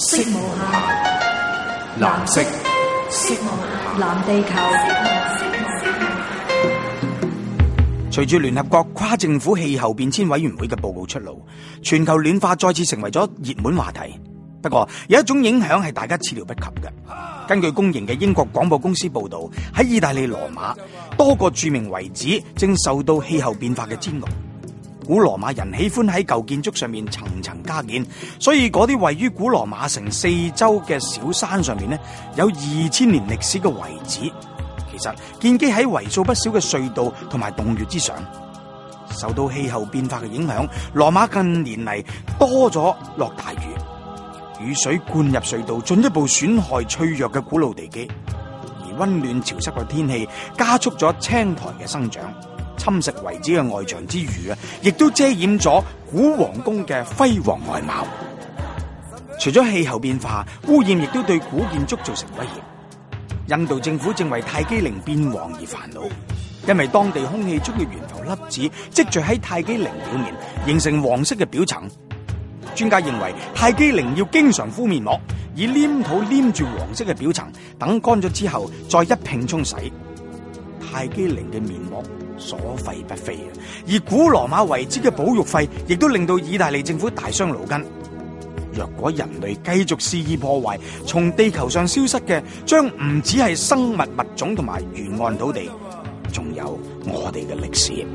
色無暇，藍色。色無藍，色藍地球。隨住聯合國跨政府氣候變遷委員會嘅報告出爐，全球暖化再次成為咗熱門話題。不過，有一種影響係大家始料不及嘅。根據公營嘅英國廣播公司報道，喺意大利羅馬多個著名遺址正受到氣候變化嘅煎熬。古羅馬人喜歡喺舊建築上面層層加建，所以嗰啲位於古羅馬城四周嘅小山上面呢，有二千年歷史嘅遺址，其實建基喺為數不少嘅隧道同埋洞穴之上。受到氣候變化嘅影響，羅馬近年嚟多咗落大雨，雨水灌入隧道，進一步損害脆弱嘅古老地基，而温暖潮濕嘅天氣加速咗青苔嘅生長。侵蝕遺址嘅外牆之餘啊，亦都遮掩咗古皇宮嘅輝煌外貌。除咗氣候變化，污染亦都對古建築造成威脅。印度政府正為泰姬陵變黃而煩惱，因為當地空氣中嘅懸浮粒子積聚喺泰姬陵表面，形成黃色嘅表層。專家認為泰姬陵要經常敷面膜，以黏土黏住黃色嘅表層，等乾咗之後再一併沖洗。泰姬陵嘅面膜所費不菲，而古羅馬遺址嘅保育費，亦都令到意大利政府大傷腦筋。若果人類繼續肆意破壞，從地球上消失嘅，將唔止係生物物種同埋沿岸土地，仲有我哋嘅歷史。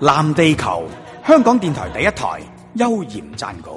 藍地球，香港電台第一台，邱焱撰稿。